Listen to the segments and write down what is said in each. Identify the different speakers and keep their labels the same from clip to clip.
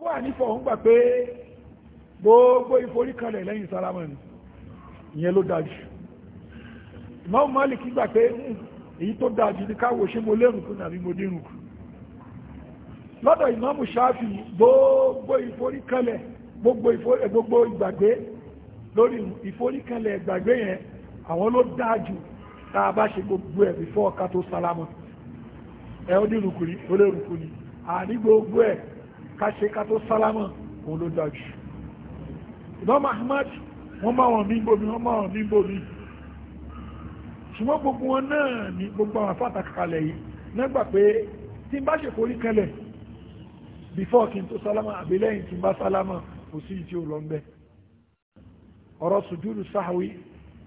Speaker 1: ó wà nífọ̀ òun gbà pé gbogbo ìforíkanlẹ̀ lẹ́yìn sálámà ni ìyẹn ló dájú Imam Malik gbà pé hmm, èyí tó dájú ní káwò ṣe mo lérùn nàbí mo dínrùn lọ́dọ̀ Imam Shafi gbogbo ìforíkanlẹ̀ gbogbo ìgbàgbé lórí ìforíkanlẹ̀ ìgbàgbé yẹn àwọn ló dájú tá a bá ṣe gbogbo ẹ̀ before ká tó sálámà ẹ̀ ó dínrùn kú ni ó lérùn ẹ̀ ká ṣe ká tó sálámà òun ló dájú Imam Ahmad wọ́n bá wọn mígbò mi wọ́n bá wọn mígbò mi ṣùgbọ́n gbogbo wọn náà ní gbogbo àwọn afáta kalẹ̀ yìí nígbà pé tí n bá ṣe forí kẹlẹ̀ before kí n tó sálámà àbí lẹ́yìn tí n bá sálámà kò sí ìtí ò lọ ń bẹ ọ̀rọ̀ sùjúdù sáhàwí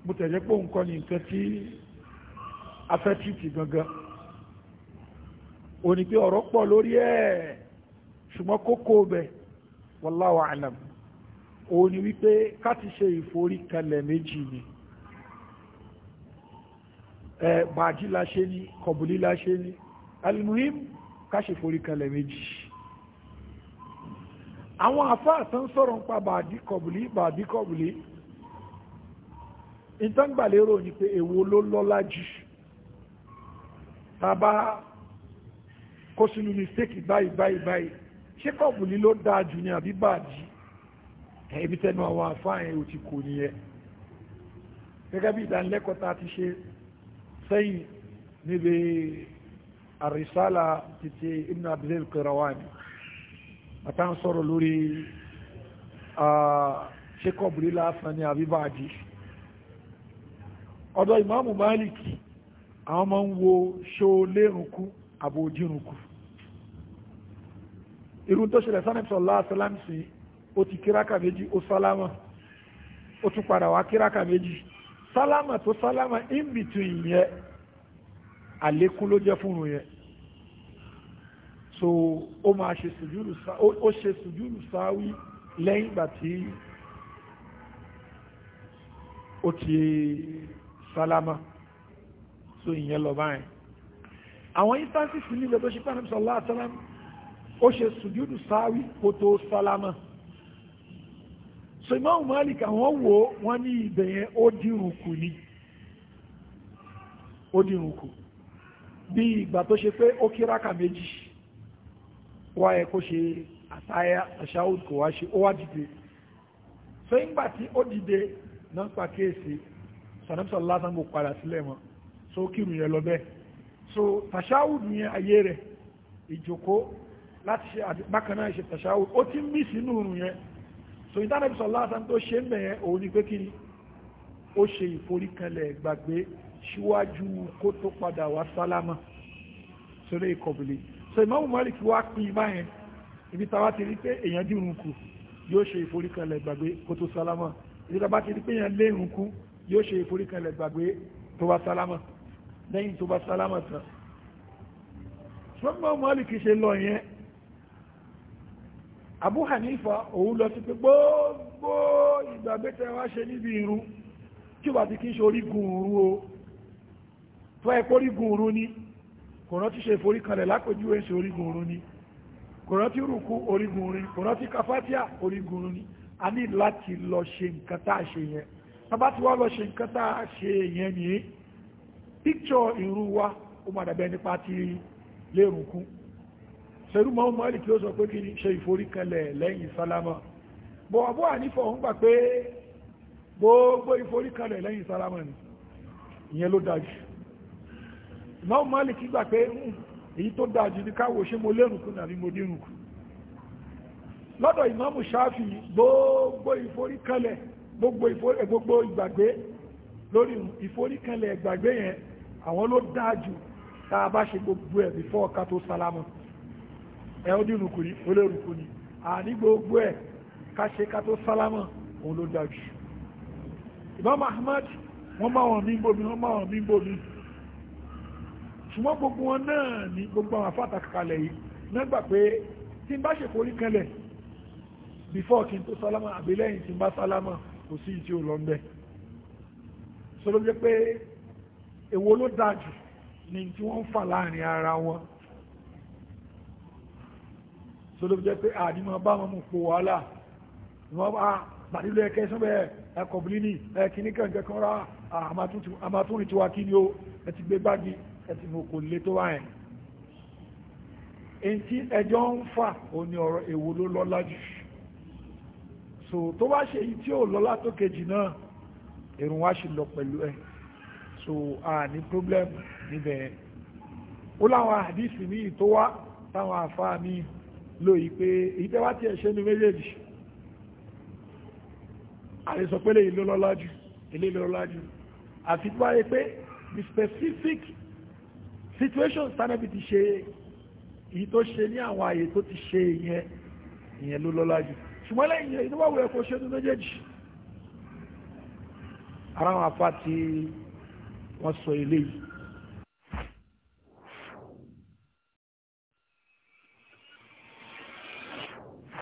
Speaker 1: mo tẹ̀jẹ́ pé nǹkan ní nǹkan tí afẹ́tìtì gangan òní pé ọ̀rọ̀ pọ̀ lórí ẹ̀ ṣùgbọ́n kókó bẹ̀ wallahu a'lam òun ni wípé ká ti ṣe ìforíkalẹ̀ méjì ni ẹ bàájí la ṣe ni kọ̀bùlí la ṣe ni alimuhim ká ṣe ìforíkalẹ̀ méjì àwọn àfáà tán sọ̀rọ̀ ń pa bàájí kọ̀bùlí bàájí kọ̀bùlí ìtàngbàlérò ni pé èwo ló lọ́lá jù tàbá kó sínú mistake báyìí báyìí báyìí ṣé kọ̀bùlí ló dáa jù ní àbí bàájì ẹ̀bí tẹnu àwọn àfáàyàn ò ti kò ní ẹ gẹ́gẹ́ bí ìdánilẹ́kọ̀ọ́ta ti ṣe sẹ́yìn níbi àrísálà títí ibn abdul Qirawani àtà ń sọ̀rọ̀ lórí ṣé kọ̀bùlí lásán ní àbí ọ̀dọ̀ ìmáàmù Málìkì àwọn máa ń wo ṣó lérùnkú àbòjírùnkú irú tó ṣẹlẹ̀ sanẹ́bìsọ̀ láàṣẹ́lámì sí ó ti kíráka méjì ó sálámà ó tún padà wá kíráka méjì sálámà tó sálámà in between yẹn àlékún ló jẹ́ fún un so ó máa ṣe sùjúrù ó ṣe sùjúrù sáwí lẹ́yìn ìgbà tí ó ti sálámà so ìyẹn lọ báyìí àwọn instances nílẹ̀ tó ṣe pàdánù sọ̀lá ó ṣe sùjúdù sáwí kó tó sálámà so Imam Malik àwọn wo wọ́n ní ibẹ̀ yẹn ó dìrùkù ni ó dìrùkù bí ìgbà tó ṣe pé ó kí rákà méjì wá ẹ kó ṣe àtàyà àṣáwò kò wá ṣe ó wá dìde so ìgbà tí ó dìde náà pàkíyèsí sàdámsà lásán kò padà sílẹ̀ mọ́ so kírun yẹn lọ bẹ́ẹ̀ so tàṣáwù yẹn ayé rẹ̀ ìjòkó láti ṣe bákan náà ṣe tàṣáwò ó ti ń mí sínú oòrùn yẹn so ìtànàbí sọ lásán tó ṣe ń bẹ̀yẹn òun ni pé kí ni ó ṣe ìforíkanlẹ̀ gbàgbé síwájú kó tó padà wá sálámà sórí ìkọ̀bìlì so ìmọ̀mù Malik wá pín báyẹn ibi tàwa ti rí pé èèyàn dìrun kù yóò ṣe ìforíkanlẹ̀ gbàgbé kó tó sálámà ibi tàwa ti rí pé èèyàn lérun kù yóò ṣe ìforíkanlẹ̀ gbàgbé tó bá sálámà lẹ́yìn tó bá sálámà tán ṣùgbọ́n mọ́lìkì ṣe lọ yẹn Abu Hanifa òun lọ sí pé gbogbo ìgbà bẹ́tẹ̀ wá ṣe níbi irun tí wà ti kí ń ṣe orígun òru o tó ẹ kó orígun òru ni kò rántí ṣe forí kalẹ̀ lápòjú ẹ̀ orígun òru ni kò rántí rùkú orígun òru ni kò rántí kafatia orígun òru ni a ní láti lọ ṣe nǹkan tá a ṣe yẹn bàbá tí wá lọ ṣe nǹkan tá a ṣe yẹn ni píkṣọ ìrú wa ó má dàbẹ́ nípa ti lérùnkún sẹ́rúmọ́ mọ́lì kí ó sọ pé kí ní ṣe ìforíkanlẹ̀ lẹ́yìn sálámà bọ̀ àbọ́ ànífọ̀ ń gbà pé gbogbo ìforíkanlẹ̀ lẹ́yìn sálámà ni ìyẹn ló dájú ìmọ́ mọ́lì kí gbà pé hmm, èyí tó dájú ní káwò ṣe mo lérùnkù nàbí mo dírùnkù lọ́dọ̀ ìmáàmù ṣáfì gbogbo ìforíkanlẹ̀ eh, gbogbo ìgbàgbé lórí ìforíkanlẹ̀ ìgbàgbé yẹn àwọn ló dájú tá a before ká tó ẹ ó ní rùkú ní ó lè rùkú ní àní gbogbo ẹ̀ káṣe ká tó sálámà òun ló dájú Imam Ahmad wọ́n máa wọ̀n mí gbómi wọ́n máa wọ̀n mí gbómi ṣùgbọ́n gbogbo wọn náà ní gbogbo àwọn afáta kalẹ̀ yìí nígbà pé tí n bá ṣe forí kanlẹ̀ before kí n tó sálámà àbí lẹ́yìn tí n bá sálámà kò sí ìtí ò lọ ń bẹ́ pé èwo ló dájú ni tí wọ́n ń fà láàrin ara wọn so ló jẹ́ pé àdímọ̀ bá wọn mú pò wàhálà wọ́n bá pàdílé ẹkẹ́ sọ́bẹ̀ ẹkọ̀ bìlínì ẹkìní kẹ̀kẹ́ kan rá àmàtúnrin tí wá kí ni ó ẹ ti gbé gbági ẹ ti mú kò lè tó wá ẹ̀ èyí tí ẹjọ́ ń fà ó ní ọ̀rọ̀ èwo ló lọ́lá jù so tó bá ṣe èyí tí ó lọ́lá tó kejì náà èrùn wá ṣì lọ pẹ̀lú ẹ̀ so a ní problem níbẹ̀ ó láwọn àdìsí míì tó wá táwọn àfáà míì ló yí pé ìtẹ́wà tí ẹ̀ṣẹ́ ní méjèèjì àrísọ pé lè lọ́lọ́lájú ilé lọ́lọ́lájú àti tó wáyé pé the specific situation stanley ti ṣe èyí tó ṣe ní àwọn àyè tó ti ṣe ìyẹn ìyẹn ló lọ́lájú ṣùgbọ́n lẹ́yìn èyí tó wà wúrẹ́ kó ṣe ní méjèèjì ara wọn afá tí wọ́n sọ ilé